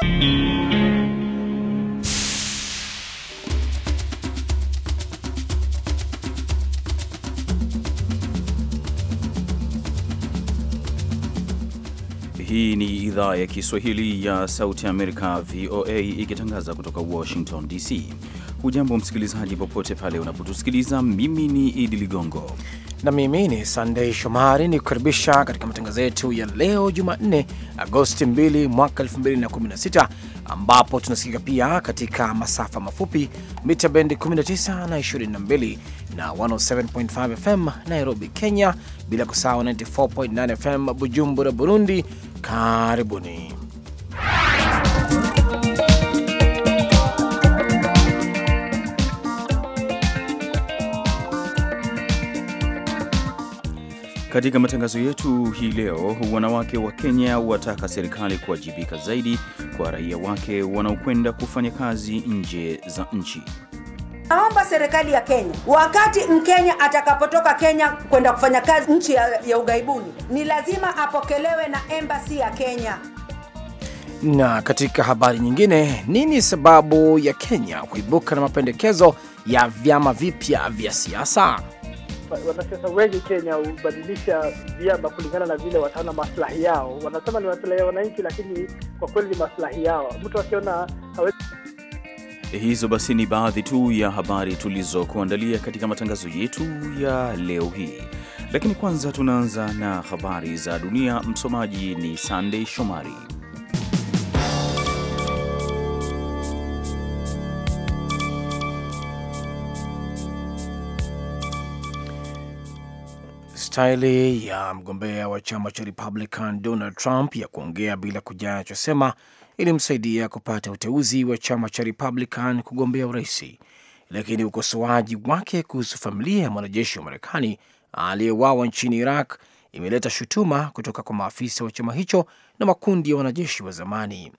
Hii ni idhaa ya Kiswahili ya Sauti ya Amerika, VOA, ikitangaza kutoka Washington DC. Hujambo msikilizaji, popote pale unapotusikiliza. Mimi ni Idi Ligongo na mimi ni Sandei Shomari ni kukaribisha katika matangazo yetu ya leo Jumanne, Agosti 2 mwaka 2016, ambapo tunasikika pia katika masafa mafupi mita bendi 19 na 22 na 107.5 FM Nairobi, Kenya, bila kusahau 94.9 FM Bujumbura, Burundi. Karibuni. Katika matangazo yetu hii leo, wanawake wa Kenya wataka serikali kuwajibika zaidi kwa raia wake wanaokwenda kufanya kazi nje za nchi. Naomba serikali ya Kenya, wakati Mkenya atakapotoka Kenya kwenda kufanya kazi nchi ya, ya ughaibuni, ni lazima apokelewe na embassy ya Kenya. Na katika habari nyingine, nini sababu ya Kenya kuibuka na mapendekezo ya vyama vipya vya siasa? wanasiasa wengi Kenya hubadilisha vyama kulingana na vile wataona maslahi yao. Wanasema ni maslahi ya wananchi, lakini kwa kweli ni maslahi yao. Mtu akiona hawezi. Hizo basi ni baadhi tu ya habari tulizokuandalia katika matangazo yetu ya leo hii, lakini kwanza tunaanza na habari za dunia. Msomaji ni sandey Shomari. staili ya mgombea wa chama cha Republican Donald Trump ya kuongea bila kujaa anachosema ilimsaidia kupata uteuzi wa chama cha Republican kugombea urais lakini ukosoaji wake kuhusu familia ya mwanajeshi wa Marekani aliyewawa nchini Iraq imeleta shutuma kutoka kwa maafisa wa chama hicho na makundi ya wanajeshi wa zamani.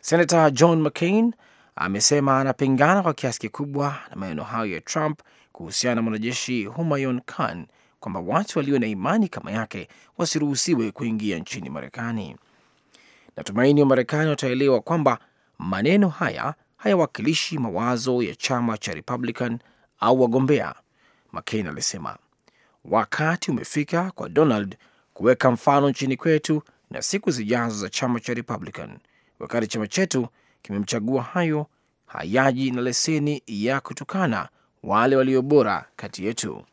Senator John McCain amesema anapingana kwa kiasi kikubwa na maneno hayo ya Trump kuhusiana na mwanajeshi Humayun Khan kwamba watu walio na imani kama yake wasiruhusiwe kuingia nchini Marekani. Natumaini wa Marekani wataelewa kwamba maneno haya hayawakilishi mawazo ya chama cha Republican au wagombea, McCain alisema. Wakati umefika kwa Donald kuweka mfano nchini kwetu na siku zijazo za chama cha Republican, wakati chama chetu kimemchagua. Hayo hayaji na leseni ya kutukana wale walio bora kati yetu.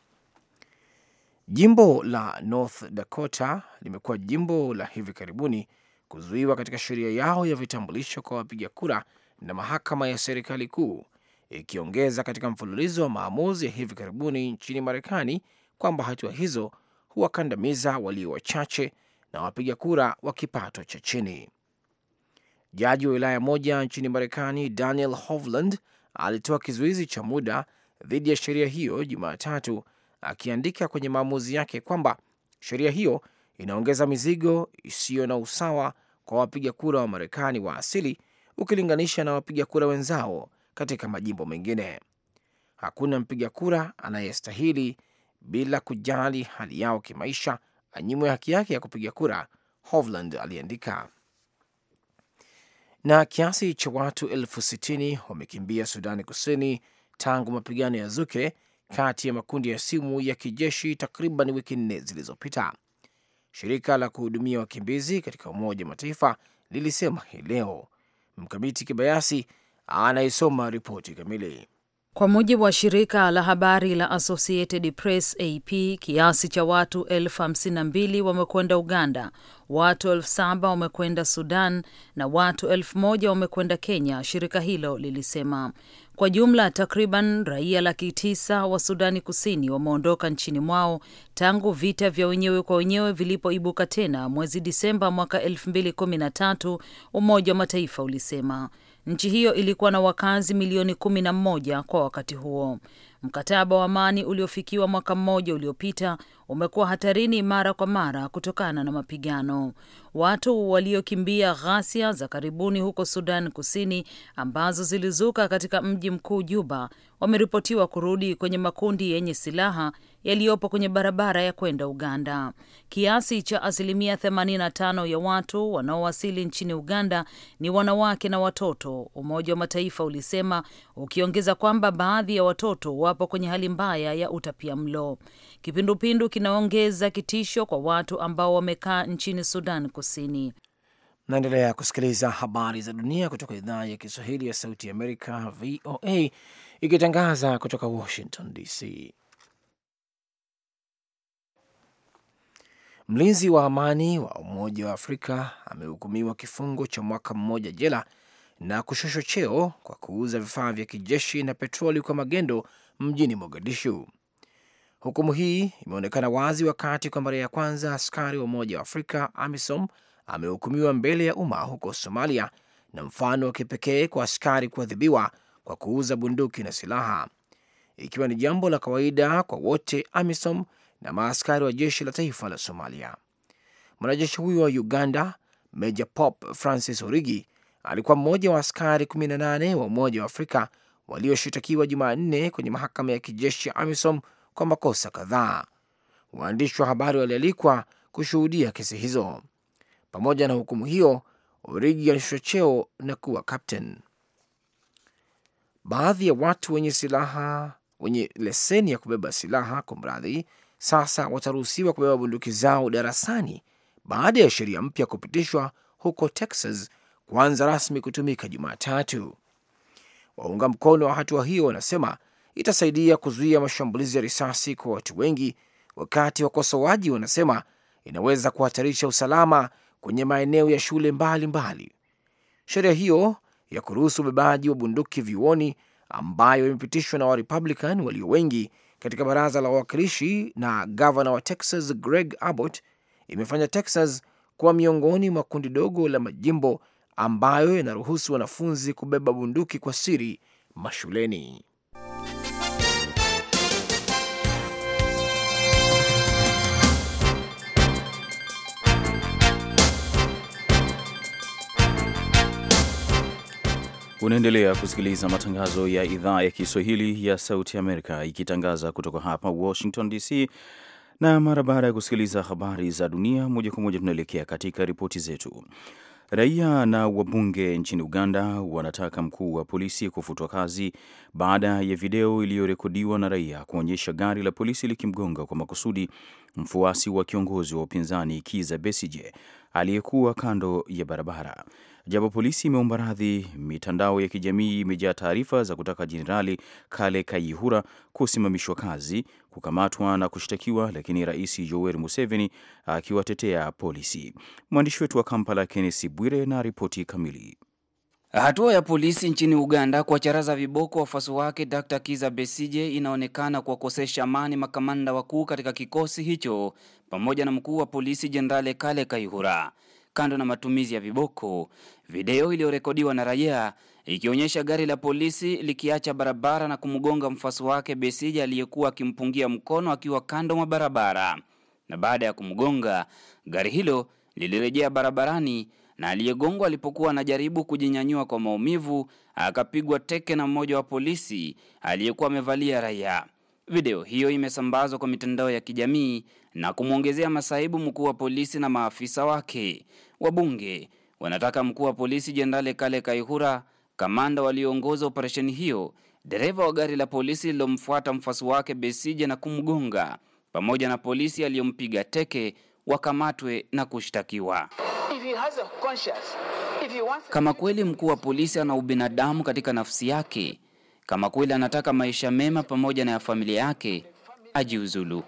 Jimbo la North Dakota limekuwa jimbo la hivi karibuni kuzuiwa katika sheria yao ya vitambulisho kwa wapiga kura na mahakama ya serikali kuu, ikiongeza katika mfululizo wa maamuzi ya hivi karibuni nchini Marekani kwamba hatua hizo huwakandamiza walio wachache na wapiga kura wa kipato cha chini. Jaji wa wilaya moja nchini Marekani, Daniel Hovland, alitoa kizuizi cha muda dhidi ya sheria hiyo Jumatatu akiandika kwenye maamuzi yake kwamba sheria hiyo inaongeza mizigo isiyo na usawa kwa wapiga kura wa Marekani wa asili ukilinganisha na wapiga kura wenzao katika majimbo mengine. Hakuna mpiga kura anayestahili bila kujali hali yao kimaisha anyimwe haki yake ya kupiga kura, Hovland aliandika. Na kiasi cha watu elfu sitini wamekimbia Sudani Kusini tangu mapigano ya zuke kati ya makundi ya simu ya kijeshi takriban wiki nne zilizopita. Shirika la kuhudumia wakimbizi katika Umoja wa Mataifa lilisema hii leo. Mkamiti Kibayasi anaisoma ripoti kamili. Kwa mujibu wa shirika la habari la Associated Press AP, kiasi cha watu elfu hamsini na mbili wamekwenda Uganda, watu elfu saba wamekwenda Sudan na watu elfu moja wamekwenda Kenya, shirika hilo lilisema. Kwa jumla takriban raia laki tisa wa Sudani Kusini wameondoka nchini mwao tangu vita vya wenyewe kwa wenyewe vilipoibuka tena mwezi Disemba mwaka 2013, Umoja wa Mataifa ulisema. Nchi hiyo ilikuwa na wakazi milioni kumi na mmoja kwa wakati huo. Mkataba wa amani uliofikiwa mwaka mmoja uliopita umekuwa hatarini mara kwa mara kutokana na mapigano. Watu waliokimbia ghasia za karibuni huko Sudan Kusini ambazo zilizuka katika mji mkuu Juba wameripotiwa kurudi kwenye makundi yenye silaha yaliyopo kwenye barabara ya kwenda Uganda. Kiasi cha asilimia 85 ya watu wanaowasili nchini Uganda ni wanawake na watoto, Umoja wa Mataifa ulisema, ukiongeza kwamba baadhi ya watoto wapo kwenye hali mbaya ya utapia mlo. Kipindupindu kinaongeza kitisho kwa watu ambao wamekaa nchini Sudan Kusini. Naendelea kusikiliza habari za dunia kutoka idhaa ya Kiswahili ya Sauti ya Amerika, VOA, ikitangaza kutoka Washington DC. Mlinzi wa amani wa Umoja wa Afrika amehukumiwa kifungo cha mwaka mmoja jela na kushushwa cheo kwa kuuza vifaa vya kijeshi na petroli kwa magendo mjini Mogadishu. Hukumu hii imeonekana wazi wakati kwa mara ya kwanza askari wa Umoja wa Afrika AMISOM amehukumiwa mbele ya umma huko Somalia, na mfano wa kipekee kwa askari kuadhibiwa kwa kuuza bunduki na silaha, ikiwa ni jambo la kawaida kwa wote. AMISOM na maaskari wa jeshi la taifa la Somalia. Mwanajeshi huyo wa Uganda, Meja Pop Francis Origi, alikuwa mmoja wa askari 18 wa Umoja wa Afrika walioshitakiwa Jumanne kwenye mahakama ya kijeshi ya AMISOM kwa makosa kadhaa. Waandishi wa habari walialikwa kushuhudia kesi hizo. Pamoja na hukumu hiyo, Origi alishusha cheo na kuwa kapten. Baadhi ya watu wenye silaha wenye leseni ya kubeba silaha, kwa mradhi sasa wataruhusiwa kubeba bunduki zao darasani baada ya sheria mpya kupitishwa huko Texas kuanza rasmi kutumika Jumatatu. Waunga mkono wa hatua hiyo wanasema itasaidia kuzuia mashambulizi ya risasi kwa watu wengi, wakati wakosoaji wanasema inaweza kuhatarisha usalama kwenye maeneo ya shule mbalimbali. Sheria hiyo ya kuruhusu ubebaji wa bunduki vyuoni ambayo imepitishwa na Warepublican walio wengi katika baraza la wawakilishi na gavana wa Texas Greg Abbott imefanya Texas kuwa miongoni mwa kundi dogo la majimbo ambayo yanaruhusu wanafunzi kubeba bunduki kwa siri mashuleni. Unaendelea kusikiliza matangazo ya idhaa ya Kiswahili ya Sauti Amerika ikitangaza kutoka hapa Washington DC, na mara baada ya kusikiliza habari za dunia moja kwa moja, tunaelekea katika ripoti zetu. Raia na wabunge nchini Uganda wanataka mkuu wa polisi kufutwa kazi baada ya video iliyorekodiwa na raia kuonyesha gari la polisi likimgonga kwa makusudi mfuasi wa kiongozi wa upinzani Kiza Besije aliyekuwa kando ya barabara. Japo polisi imeomba radhi, mitandao ya kijamii imejaa taarifa za kutaka Jenerali Kale Kayihura kusimamishwa kazi, kukamatwa na kushtakiwa, lakini Rais Yoweri Museveni akiwatetea polisi. Mwandishi wetu wa Kampala Kennesi Bwire na ripoti kamili. Hatua ya polisi nchini Uganda kuwacharaza viboko wafuasi wake Dr. Kiza Besije inaonekana kuwakosesha amani makamanda wakuu katika kikosi hicho pamoja na mkuu wa polisi Jenerali Kale Kaihura kando na matumizi ya viboko. Video iliyorekodiwa na raia ikionyesha gari la polisi likiacha barabara na kumgonga mfuasi wake Besija aliyekuwa akimpungia mkono akiwa kando mwa barabara. Na baada ya kumgonga, gari hilo lilirejea barabarani na aliyegongwa alipokuwa anajaribu kujinyanyua kwa maumivu akapigwa teke na mmoja wa polisi aliyekuwa amevalia raia. Video hiyo imesambazwa kwa mitandao ya kijamii na kumwongezea masaibu mkuu wa polisi na maafisa wake. Wabunge wanataka mkuu wa polisi Jenerali Kale Kaihura, kamanda walioongoza operesheni hiyo, dereva wa gari la polisi lilomfuata mfuasi wake Besije na kumgonga, pamoja na polisi aliyompiga teke wakamatwe na kushtakiwa. Kama kweli mkuu wa polisi ana ubinadamu katika nafsi yake kama kweli anataka maisha mema pamoja na ya familia yake, ajiuzulu.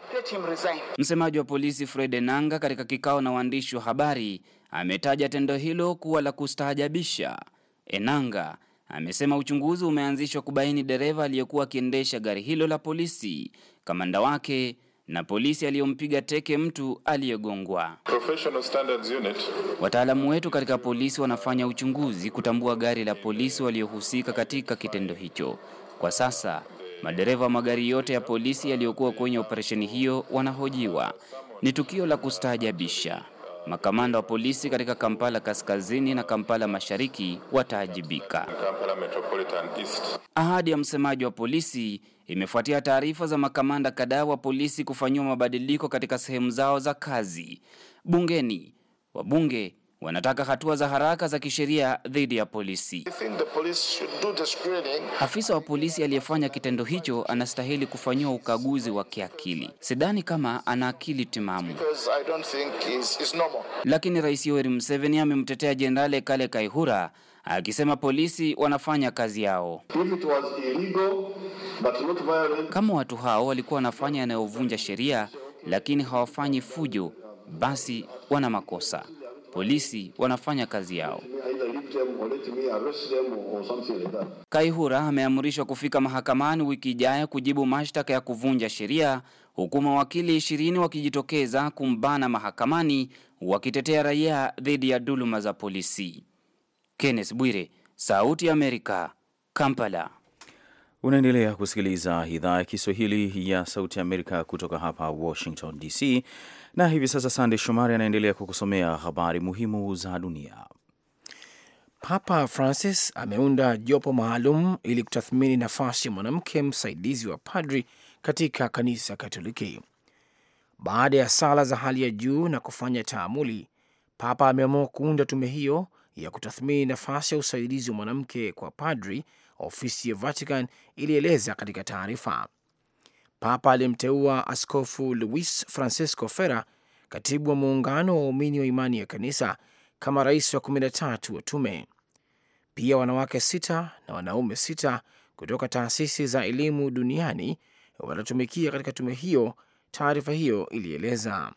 Msemaji wa polisi Fred Enanga katika kikao na waandishi wa habari ametaja tendo hilo kuwa la kustaajabisha. Enanga amesema uchunguzi umeanzishwa kubaini dereva aliyekuwa akiendesha gari hilo la polisi, kamanda wake na polisi aliyompiga teke mtu aliyegongwa. Wataalamu wetu katika polisi wanafanya uchunguzi kutambua gari la polisi waliohusika katika kitendo hicho. Kwa sasa madereva wa magari yote ya polisi yaliyokuwa kwenye operesheni hiyo wanahojiwa. Ni tukio la kustaajabisha. Makamanda wa polisi katika Kampala Kaskazini na Kampala Mashariki wataajibika. Ahadi ya msemaji wa polisi imefuatia taarifa za makamanda kadhaa wa polisi kufanyiwa mabadiliko katika sehemu zao za kazi. Bungeni, wabunge wanataka hatua za haraka za kisheria dhidi ya polisi. Afisa wa polisi aliyefanya kitendo hicho anastahili kufanyiwa ukaguzi wa kiakili. Sidhani kama ana akili timamu. Lakini Rais Yoweri Museveni amemtetea Jenerali Kale Kaihura akisema polisi wanafanya kazi yao. Illegal, kama watu hao walikuwa wanafanya yanayovunja sheria lakini hawafanyi fujo, basi wana makosa. Polisi wanafanya kazi yao. Kaihura ameamrishwa kufika mahakamani wiki ijayo kujibu mashtaka ya kuvunja sheria huku mawakili ishirini wakijitokeza kumbana mahakamani wakitetea raia dhidi ya dhuluma za polisi. Kenneth Bwire, Sauti ya Amerika, Kampala. Unaendelea kusikiliza idhaa ya Kiswahili ya Sauti ya Amerika kutoka hapa Washington DC, na hivi sasa Sande Shomari anaendelea kukusomea habari muhimu za dunia. Papa Francis ameunda jopo maalum ili kutathmini nafasi ya mwanamke msaidizi wa padri katika kanisa Katoliki. Baada ya sala za hali ya juu na kufanya taamuli, Papa ameamua kuunda tume hiyo ya kutathmini nafasi ya usaidizi wa mwanamke kwa padri, ofisi ya Vatican ilieleza katika taarifa. Papa alimteua Askofu Luis Francisco fera katibu wa muungano wa waumini wa imani ya kanisa, kama rais wa 13 wa tume. Pia wanawake sita na wanaume sita kutoka taasisi za elimu duniani watatumikia katika tume hiyo, taarifa hiyo ilieleza.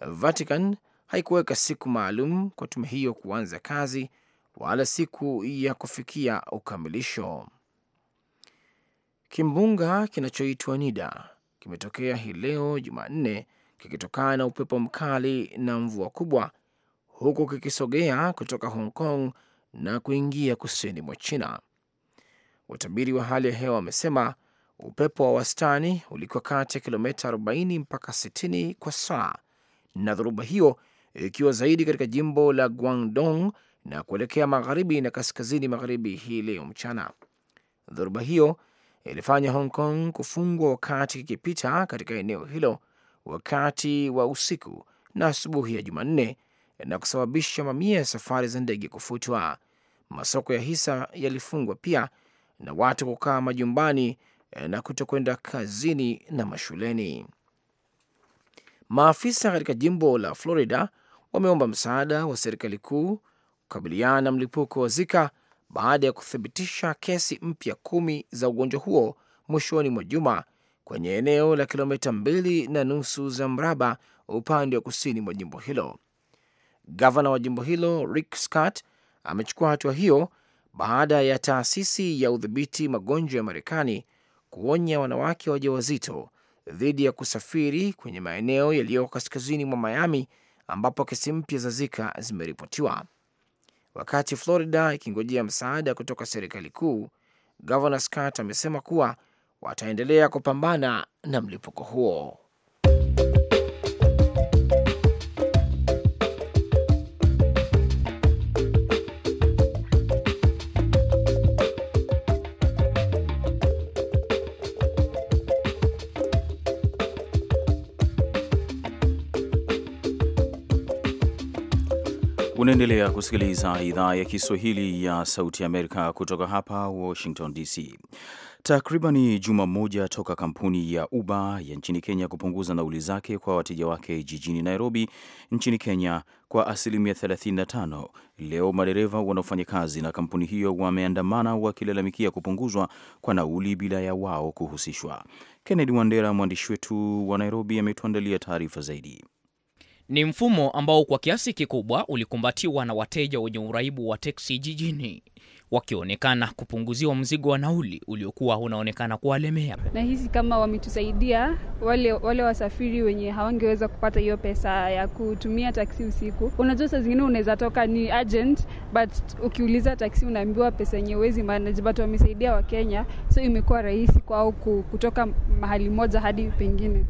Vatican haikuweka siku maalum kwa tume hiyo kuanza kazi wala siku ya kufikia ukamilisho. Kimbunga kinachoitwa Nida kimetokea hii leo Jumanne kikitokana na upepo mkali na mvua kubwa, huku kikisogea kutoka Hong Kong na kuingia kusini mwa China. Watabiri wa hali ya hewa wamesema upepo wa wastani ulikuwa kati ya kilomita 40 mpaka 60 kwa saa, na dhoruba hiyo ikiwa zaidi katika jimbo la Guangdong na kuelekea magharibi na kaskazini magharibi hii leo mchana. Dhoruba hiyo ilifanya Hong Kong kufungwa wakati ikipita katika eneo hilo wakati wa usiku na asubuhi ya Jumanne na kusababisha mamia ya safari za ndege kufutwa. Masoko ya hisa yalifungwa pia na watu kukaa majumbani na kutokwenda kazini na mashuleni. Maafisa katika jimbo la Florida wameomba msaada wa serikali kuu kukabiliana na mlipuko wa Zika baada ya kuthibitisha kesi mpya kumi za ugonjwa huo mwishoni mwa juma kwenye eneo la kilomita mbili na nusu za mraba upande wa kusini mwa jimbo hilo. Gavana wa jimbo hilo Rick Scott amechukua hatua hiyo baada ya taasisi ya udhibiti magonjwa ya Marekani kuonya wanawake wajawazito dhidi ya kusafiri kwenye maeneo yaliyoko kaskazini mwa Miami ambapo kesi mpya za Zika zimeripotiwa. Wakati Florida ikingojea msaada kutoka serikali kuu, Gavana Scott amesema kuwa wataendelea kupambana na mlipuko huo. Unaendelea kusikiliza idhaa ya Kiswahili ya Sauti Amerika kutoka hapa Washington DC. Takribani juma moja toka kampuni ya Uber ya nchini Kenya kupunguza nauli zake kwa wateja wake jijini Nairobi nchini Kenya kwa asilimia 35, leo madereva wanaofanya kazi na kampuni hiyo wameandamana wakilalamikia kupunguzwa kwa nauli bila ya wao kuhusishwa. Kennedy Wandera, mwandishi wetu wa Nairobi, ametuandalia taarifa zaidi. Ni mfumo ambao kwa kiasi kikubwa ulikumbatiwa na wateja wenye uraibu wa teksi jijini, wakionekana kupunguziwa mzigo wa nauli uliokuwa unaonekana kuwalemea. hisi kama wametusaidia wale, wale wasafiri wenye hawangeweza kupata hiyo pesa ya kutumia taksi usiku. Unajua, saa zingine unaweza toka ni agent but ukiuliza taksi unaambiwa pesa yenye uwezi but wamesaidia Wakenya, so imekuwa rahisi kwao kutoka mahali moja hadi pengine.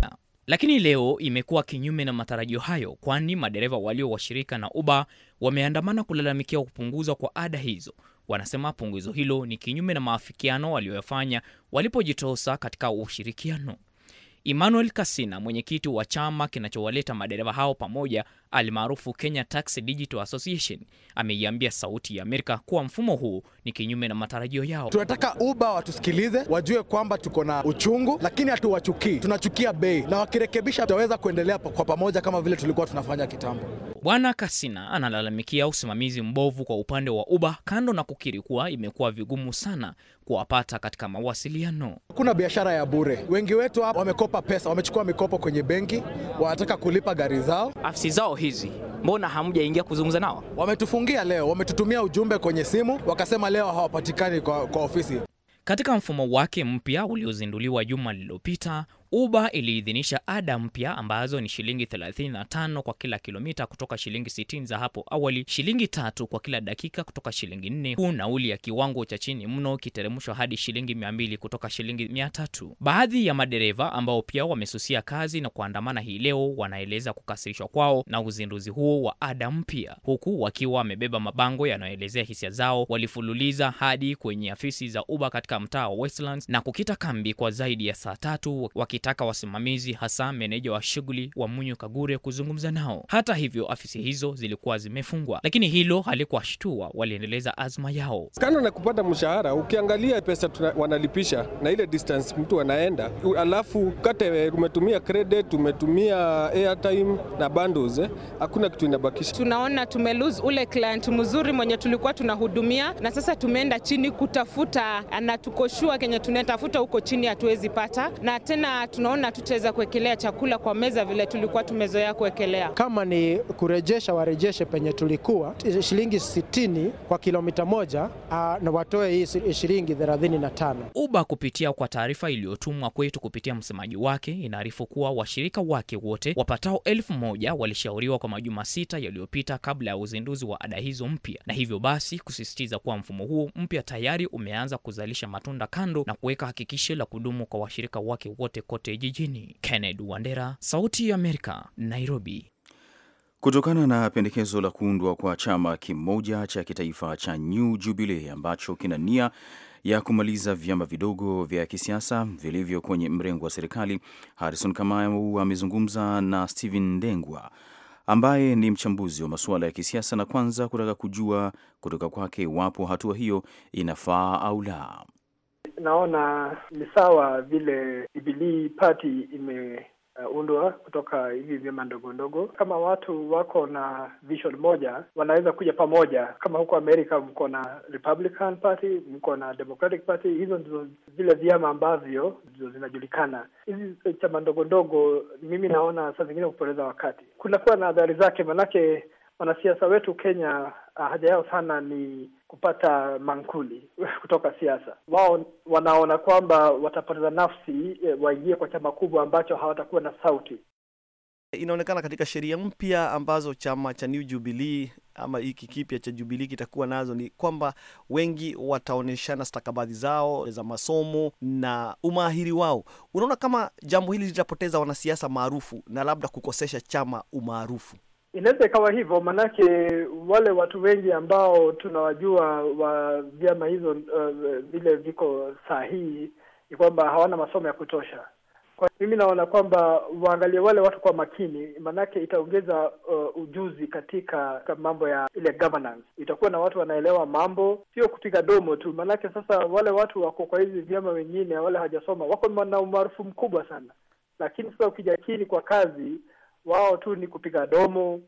Lakini leo imekuwa kinyume na matarajio hayo, kwani madereva walio washirika na Uber wameandamana kulalamikia kupunguzwa kwa ada hizo. Wanasema punguzo hilo ni kinyume na maafikiano waliyofanya walipojitosa katika ushirikiano. Emmanuel Kasina, mwenyekiti wa chama kinachowaleta madereva hao pamoja almaarufu Kenya Taxi Digital Association, ameiambia Sauti ya Amerika kuwa mfumo huu ni kinyume na matarajio yao. Tunataka Uber watusikilize, wajue kwamba tuko na uchungu, lakini hatuwachukii, tunachukia bei, na wakirekebisha tutaweza kuendelea kwa pamoja kama vile tulikuwa tunafanya kitambo. Bwana Kasina analalamikia usimamizi mbovu kwa upande wa uba kando na kukiri kuwa imekuwa vigumu sana kuwapata katika mawasiliano. Kuna biashara ya bure, wengi wetu hapa wamekopa pesa, wamechukua mikopo kwenye benki, wanataka kulipa gari zao. Afisi zao hizi mbona hamjaingia kuzungumza nao? Wametufungia leo, wametutumia ujumbe kwenye simu wakasema leo hawapatikani kwa, kwa ofisi. Katika mfumo wake mpya uliozinduliwa juma lililopita, Uber iliidhinisha ada mpya ambazo ni shilingi 35 kwa kila kilomita kutoka shilingi 60 za hapo awali, shilingi tatu kwa kila dakika kutoka shilingi nne, huku nauli ya kiwango cha chini mno kiteremshwa hadi shilingi 200 kutoka shilingi 300. Baadhi ya madereva ambao pia wamesusia kazi na kuandamana hii leo wanaeleza kukasirishwa kwao na uzinduzi huo wa ada mpya, huku wakiwa wamebeba mabango yanayoelezea hisia zao. Walifululiza hadi kwenye afisi za Uber katika mtaa wa Westlands na kukita kambi kwa zaidi ya saa tatu waki wakitaka wasimamizi hasa meneja wa shughuli wa Munyo Kagure kuzungumza nao. Hata hivyo, afisi hizo zilikuwa zimefungwa, lakini hilo halikuwashtua, waliendeleza azma yao. Kando na kupata mshahara, ukiangalia pesa tuna, wanalipisha na ile distance mtu anaenda, alafu kate umetumia credit, umetumia airtime na bundles, eh, hakuna kitu inabakisha. Tunaona tumeluse ule client mzuri mwenye tulikuwa tunahudumia, na sasa tumeenda chini kutafuta, anatukoshua kenye tunatafuta huko chini hatuwezi pata, na tena tunaona tutaweza kuwekelea chakula kwa meza vile tulikuwa tumezoea kuwekelea. Kama ni kurejesha, warejeshe penye tulikuwa shilingi 60 kwa kilomita moja ah, na watoe hii shilingi 35. uba kupitia kwa taarifa iliyotumwa kwetu kupitia msemaji wake inaarifu kuwa washirika wake wote wapatao elfu moja walishauriwa kwa majuma sita yaliyopita kabla ya uzinduzi wa ada hizo mpya, na hivyo basi kusisitiza kuwa mfumo huo mpya tayari umeanza kuzalisha matunda, kando na kuweka hakikisho la kudumu kwa washirika wake wote kote kote jijini. Kennedy Wandera, Sauti ya Amerika, Nairobi. Kutokana na pendekezo la kuundwa kwa chama kimoja cha kitaifa cha New Jubilee ambacho kina nia ya kumaliza vyama vidogo vya kisiasa vilivyo kwenye mrengo wa serikali, Harrison Kamau amezungumza na Steven Ndengwa ambaye ni mchambuzi wa masuala ya kisiasa, na kwanza kutaka kujua kutoka kwake iwapo hatua hiyo inafaa au la naona ni sawa vile Jubilee Party ime undwa kutoka hivi vyama ndogo ndogo. Kama watu wako na vision moja, wanaweza kuja pamoja. Kama huko Amerika mko na Republican Party, mko na Democratic Party, hizo ndizo vile vyama ambavyo ndizo zinajulikana. Hizi chama ndogo ndogo, mimi naona saa zingine kupoteza wakati, kunakuwa na adhari zake, manake wanasiasa wetu Kenya ah, haja yao sana ni kupata mankuli kutoka siasa. Wao wanaona kwamba watapoteza nafsi eh, waingie kwa chama kubwa ambacho hawatakuwa na sauti. Inaonekana katika sheria mpya ambazo chama cha New Jubilee ama hiki kipya cha Jubilee kitakuwa nazo ni kwamba wengi wataonyeshana stakabadhi zao za masomo na umahiri wao. Unaona kama jambo hili litapoteza wanasiasa maarufu na labda kukosesha chama umaarufu? Inaweza ikawa hivyo, maanake wale watu wengi ambao tunawajua wa vyama hizo uh, vile uh, viko sahihi ni kwamba hawana masomo ya kutosha. Kwa mimi naona kwamba waangalie wale watu kwa makini, maanake itaongeza uh, ujuzi katika mambo ya ile governance. Itakuwa na watu wanaelewa mambo, sio kupiga domo tu, maanake sasa wale watu wako kwa hizi vyama wengine, wale hawajasoma, wako na umaarufu mkubwa sana, lakini sasa ukijakini kwa kazi wao tu ni kupiga domo.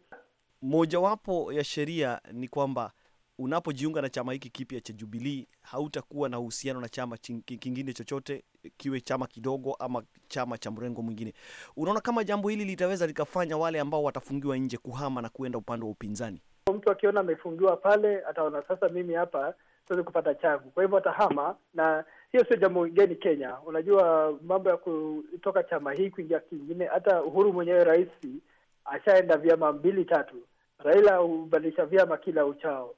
Mojawapo ya sheria ni kwamba unapojiunga na chama hiki kipya cha jubilii hautakuwa na uhusiano na chama kingine chochote, kiwe chama kidogo ama chama cha mrengo mwingine. Unaona kama jambo hili litaweza likafanya wale ambao watafungiwa nje kuhama na kuenda upande wa upinzani? Mtu akiona amefungiwa pale, ataona sasa mimi hapa tuweze kupata changu. Kwa hivyo atahama, na hiyo sio jambo geni Kenya. Unajua mambo ya kutoka chama hii kuingia kingine, hata Uhuru mwenyewe rais ashaenda vyama mbili tatu. Raila hubadilisha vyama kila uchao,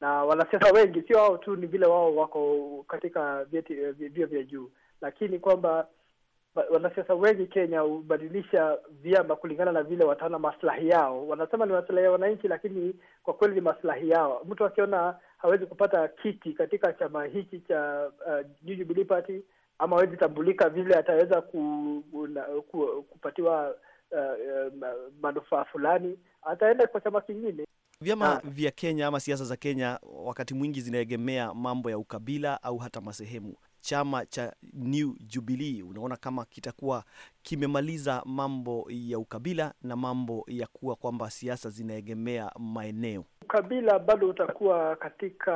na wanasiasa wengi, sio wao tu, ni vile wao wako katika vio eh, vya juu, lakini kwamba wanasiasa wengi Kenya hubadilisha vyama kulingana na vile wataona maslahi yao. Wanasema ni maslahi ya wananchi, lakini kwa kweli ni maslahi yao. Mtu akiona hawezi kupata kiti katika chama hiki cha uh, New Jubilee Party ama hawezi tambulika vile ataweza ku, ku, kupatiwa uh, uh, manufaa fulani, ataenda kwa chama kingine. Vyama ah. vya Kenya ama siasa za Kenya wakati mwingi zinaegemea mambo ya ukabila au hata masehemu. Chama cha New Jubilee unaona kama kitakuwa kimemaliza mambo ya ukabila na mambo ya kuwa kwamba siasa zinaegemea maeneo. Ukabila bado utakuwa katika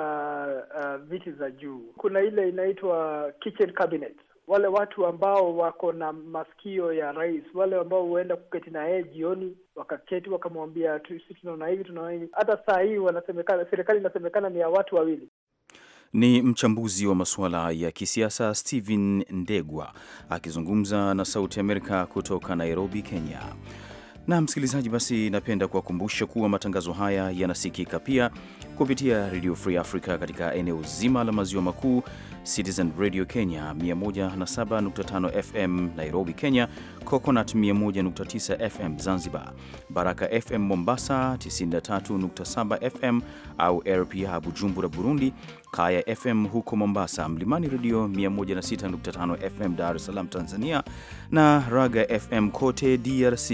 uh, viti za juu. Kuna ile inaitwa kitchen cabinet, wale watu ambao wako na masikio ya rais, wale ambao huenda kuketi na yeye jioni, wakaketi wakamwambia, sisi tunaona hivi, tunaona hivi. Hata saa hii wanasemekana, serikali inasemekana ni ya watu wawili. Ni mchambuzi wa masuala ya kisiasa Steven Ndegwa akizungumza na Sauti Amerika kutoka Nairobi, Kenya. Na msikilizaji, basi napenda kuwakumbusha kuwa matangazo haya yanasikika pia kupitia Radio Free Africa katika eneo zima la maziwa makuu, Citizen Radio Kenya 107.5 FM Nairobi, Kenya, Coconut 101.9 FM Zanzibar, Baraka FM Mombasa 93.7 FM au RPA Bujumbura, Burundi, Kaya FM huko Mombasa, Mlimani Radio 106.5 FM Dar es Salaam, Tanzania, na Raga FM kote DRC.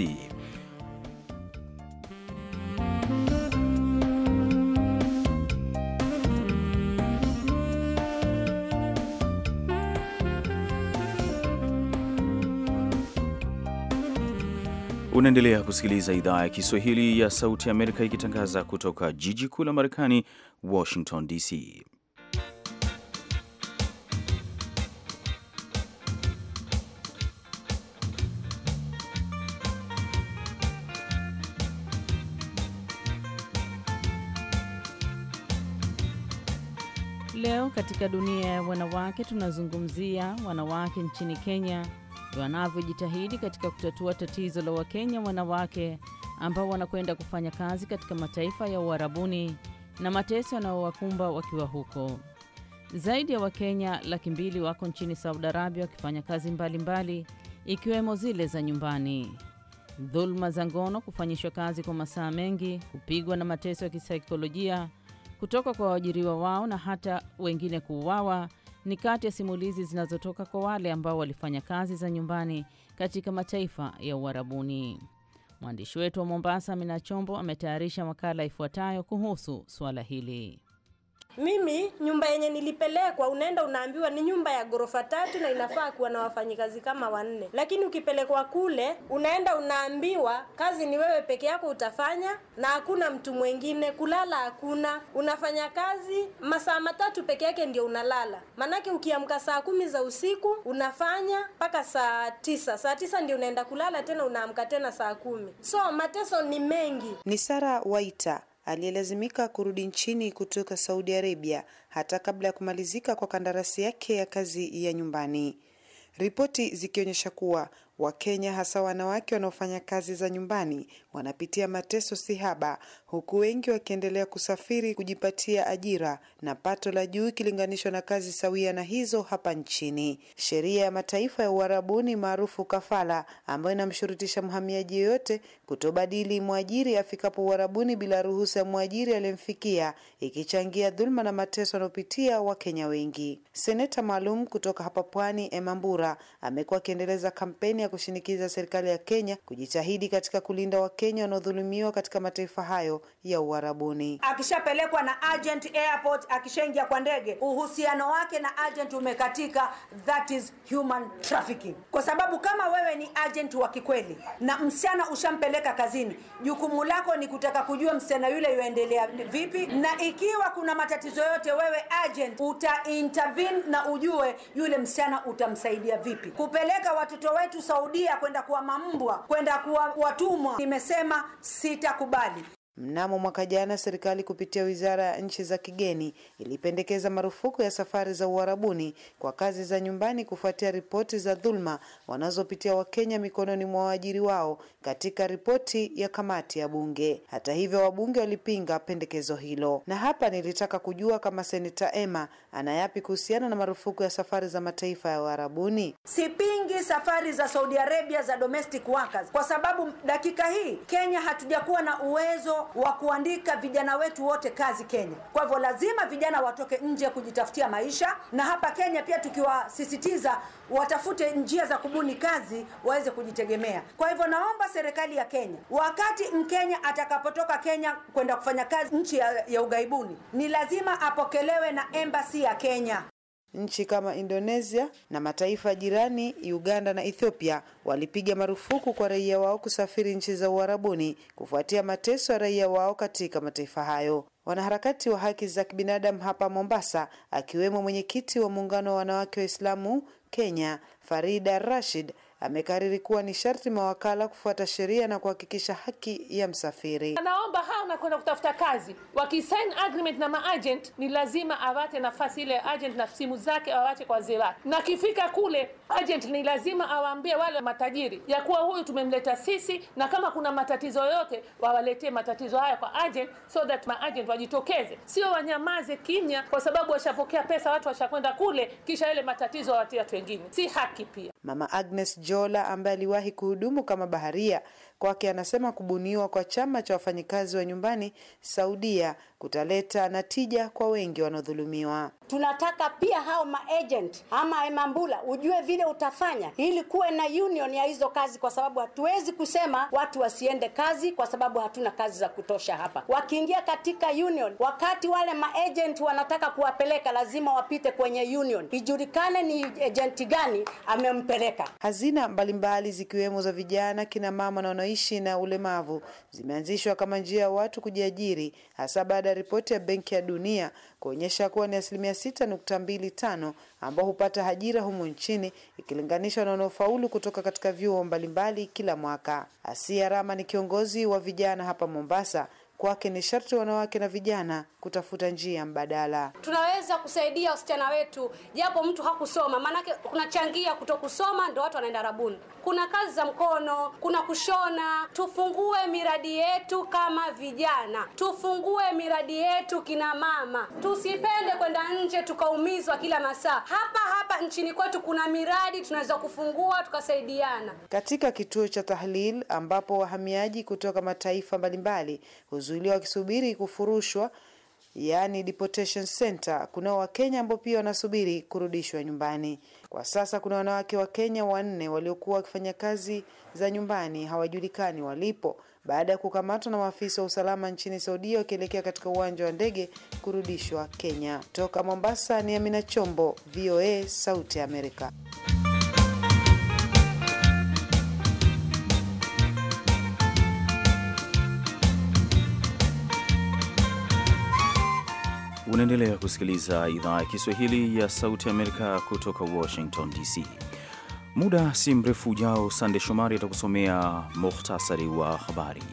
Unaendelea kusikiliza idhaa ya Kiswahili ya Sauti ya Amerika ikitangaza kutoka jiji kuu la Marekani, Washington DC. Leo katika dunia ya wanawake tunazungumzia wanawake nchini Kenya wanavyojitahidi katika kutatua tatizo la Wakenya wanawake ambao wanakwenda kufanya kazi katika mataifa ya Uarabuni na mateso yanayowakumba wakiwa huko. Zaidi ya Wakenya laki mbili wako nchini Saudi Arabia wakifanya kazi mbalimbali ikiwemo zile za nyumbani. Dhuluma za ngono, kufanyishwa kazi kwa masaa mengi, kupigwa na mateso ya kisaikolojia kutoka kwa waajiriwa wao na hata wengine kuuawa ni kati ya simulizi zinazotoka kwa wale ambao walifanya kazi za nyumbani katika mataifa ya Uarabuni. Mwandishi wetu wa Mombasa, Amina Chombo, ametayarisha makala ifuatayo kuhusu suala hili. Mimi nyumba yenye nilipelekwa, unaenda unaambiwa ni nyumba ya ghorofa tatu na inafaa kuwa na wafanyikazi kama wanne, lakini ukipelekwa kule unaenda unaambiwa kazi ni wewe peke yako utafanya na hakuna mtu mwingine, kulala hakuna. Unafanya kazi masaa matatu peke yake ndio unalala, manake ukiamka saa kumi za usiku unafanya mpaka saa tisa. Saa tisa ndio unaenda kulala tena, unaamka tena saa kumi. So mateso ni mengi. Ni Sara Waita aliyelazimika kurudi nchini kutoka Saudi Arabia hata kabla ya kumalizika kwa kandarasi yake ya kazi ya nyumbani. Ripoti zikionyesha kuwa Wakenya hasa wanawake wanaofanya kazi za nyumbani wanapitia mateso sihaba huku wengi wakiendelea kusafiri kujipatia ajira na pato la juu ikilinganishwa na kazi sawia na hizo hapa nchini. Sheria ya mataifa ya uharabuni maarufu kafala, ambayo inamshurutisha mhamiaji yoyote kutobadili mwajiri afikapo uharabuni bila ruhusa ya mwajiri aliyemfikia, ikichangia dhuluma na mateso wanaopitia Wakenya wengi. Seneta maalum kutoka hapa Pwani, emambura amekuwa akiendeleza kampeni ya kushinikiza serikali ya Kenya kujitahidi katika kulinda Wakenya wanaodhulumiwa katika mataifa hayo ya Uarabuni. Akishapelekwa na agent airport, akishaingia kwa ndege, uhusiano wake na agent umekatika. That is human trafficking, kwa sababu kama wewe ni agent wa kikweli na msichana ushampeleka kazini, jukumu lako ni kutaka kujua msichana yule yuendelea vipi, na ikiwa kuna matatizo yote, wewe agent uta intervene na ujue yule msichana utamsaidia vipi. Kupeleka watoto wetu Saudia kwenda kuwa mambwa, kwenda kuwa watumwa, nimesema sitakubali. Mnamo mwaka jana, serikali kupitia Wizara ya Nchi za Kigeni ilipendekeza marufuku ya safari za Uarabuni kwa kazi za nyumbani kufuatia ripoti za dhulma wanazopitia Wakenya mikononi mwa waajiri wao katika ripoti ya kamati ya Bunge. Hata hivyo, wabunge walipinga pendekezo hilo, na hapa nilitaka kujua kama Seneta Emma anayapi kuhusiana na marufuku ya safari za mataifa ya Uarabuni. Sipingi safari za Saudi Arabia za domestic workers, kwa sababu dakika hii Kenya hatujakuwa na uwezo wa kuandika vijana wetu wote kazi Kenya. Kwa hivyo lazima vijana watoke nje kujitafutia maisha, na hapa Kenya pia tukiwasisitiza watafute njia za kubuni kazi waweze kujitegemea. Kwa hivyo naomba serikali ya Kenya, wakati Mkenya atakapotoka Kenya kwenda kufanya kazi nchi ya, ya ughaibuni, ni lazima apokelewe na embassy ya Kenya. Nchi kama Indonesia na mataifa jirani Uganda na Ethiopia walipiga marufuku kwa raia wao kusafiri nchi za Uarabuni kufuatia mateso ya raia wao katika mataifa hayo. Wanaharakati wa haki za kibinadamu hapa Mombasa, akiwemo mwenyekiti wa muungano wa wanawake Waislamu Kenya, Farida Rashid amekariri kuwa ni sharti mawakala kufuata sheria na kuhakikisha haki ya msafiri. Anaomba hao nakwenda kutafuta kazi, wakisign agreement na maagent ni lazima awate nafasi ile agent na simu zake awache kwa wazee wake, na kifika kule agent ni lazima awaambie wale matajiri ya kuwa huyu tumemleta sisi, na kama kuna matatizo yoyote wawaletee matatizo haya kwa agent, so that maagent wajitokeze, sio wanyamaze kimya, kwa sababu washapokea pesa, watu washakwenda kule, kisha ile matatizo wawatie watu wengine, si haki haki pia. Mama Agnes Jola ambaye aliwahi kuhudumu kama baharia, kwake anasema kubuniwa kwa chama cha wafanyikazi wa nyumbani Saudia kutaleta na tija kwa wengi wanaodhulumiwa. Tunataka pia hao maagent ama emambula, ujue vile utafanya ili kuwe na union ya hizo kazi, kwa sababu hatuwezi kusema watu wasiende kazi kwa sababu hatuna kazi za kutosha hapa. Wakiingia katika union, wakati wale maagent wanataka kuwapeleka, lazima wapite kwenye union, ijulikane ni agent gani amempeleka. Hazina mbalimbali zikiwemo za vijana, kina mama na wanaoishi na ulemavu zimeanzishwa kama njia ya watu kujiajiri hasa baada baada ya ripoti ya Benki ya Dunia kuonyesha kuwa ni asilimia nukta2 tano ambao hupata ajira humu nchini ikilinganishwa na wanaofaulu kutoka katika vyuo mbalimbali kila mwaka. Asia Rama ni kiongozi wa vijana hapa Mombasa kwake ni sharti wanawake na vijana kutafuta njia mbadala. Tunaweza kusaidia wasichana wetu, japo mtu hakusoma, maanake kunachangia kutokusoma, ndo watu wanaenda rabuni. Kuna kazi za mkono, kuna kushona. Tufungue miradi yetu kama vijana, tufungue miradi yetu kina mama, tusipende kwenda nje tukaumizwa kila masaa. Hapa hapa nchini kwetu kuna miradi tunaweza kufungua, tukasaidiana. Katika kituo cha Tahlil ambapo wahamiaji kutoka mataifa mbalimbali kuzuiliwa wakisubiri kufurushwa, yaani deportation center. Kuna Wakenya ambao pia wanasubiri kurudishwa nyumbani. Kwa sasa kuna wanawake wa Kenya wanne waliokuwa wakifanya kazi za nyumbani hawajulikani walipo baada ya kukamatwa na maafisa wa usalama nchini Saudia wakielekea katika uwanja wa ndege kurudishwa Kenya. Toka Mombasa ni Amina Chombo, VOA, Sauti ya Amerika. Unaendelea kusikiliza idhaa ya Kiswahili ya Sauti Amerika kutoka Washington DC. Muda si mrefu ujao, Sande Shomari atakusomea muhtasari wa habari.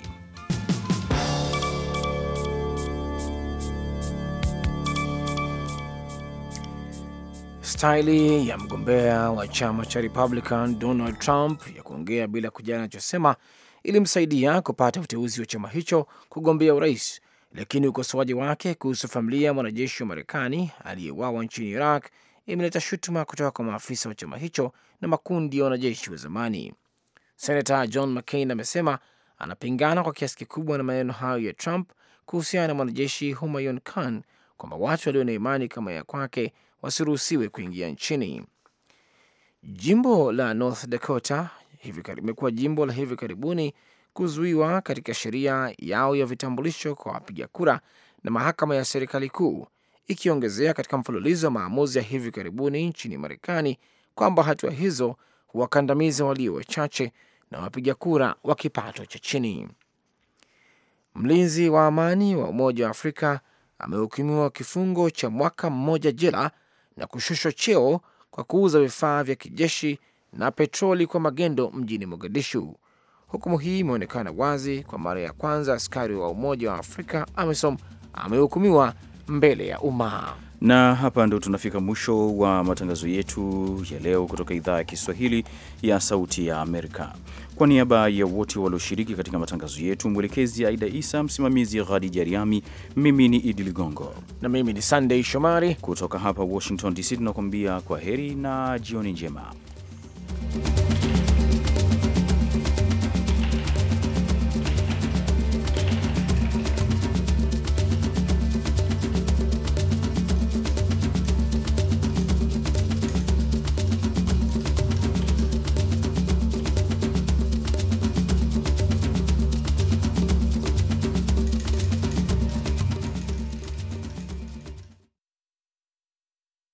Staili ya mgombea wa chama cha Republican Donald Trump ya kuongea bila kujali anachosema ilimsaidia kupata uteuzi wa chama hicho kugombea urais lakini ukosoaji wake kuhusu familia ya mwanajeshi wa Marekani aliyewawa nchini Iraq imeleta shutuma kutoka kwa maafisa wa chama hicho na makundi ya wanajeshi wa zamani. Senata John McCain amesema anapingana kwa kiasi kikubwa na maneno hayo ya Trump kuhusiana na mwanajeshi Humayun Khan kwamba watu walio na imani kama ya kwake wasiruhusiwe kuingia nchini. Jimbo la North Dakota imekuwa jimbo la hivi karibuni kuzuiwa katika sheria yao ya vitambulisho kwa wapiga kura na mahakama ya serikali kuu, ikiongezea katika mfululizo wa maamuzi ya hivi karibuni nchini Marekani kwamba hatua hizo huwakandamiza walio wachache na wapiga kura wa kipato cha chini. Mlinzi wa amani wa Umoja wa Afrika amehukumiwa kifungo cha mwaka mmoja jela na kushushwa cheo kwa kuuza vifaa vya kijeshi na petroli kwa magendo mjini Mogadishu. Hukumu hii imeonekana wazi kwa mara ya kwanza, askari wa Umoja wa Afrika AMISOM amehukumiwa mbele ya umma. Na hapa ndo tunafika mwisho wa matangazo yetu ya leo kutoka idhaa ya Kiswahili ya Sauti ya Amerika. Kwa niaba ya wote walioshiriki katika matangazo yetu, mwelekezi Aida Isa, msimamizi Ghadi Jariami, mimi ni Idi Ligongo na mimi ni Sandey Shomari kutoka hapa Washington DC, tunakuambia kwa heri na jioni njema.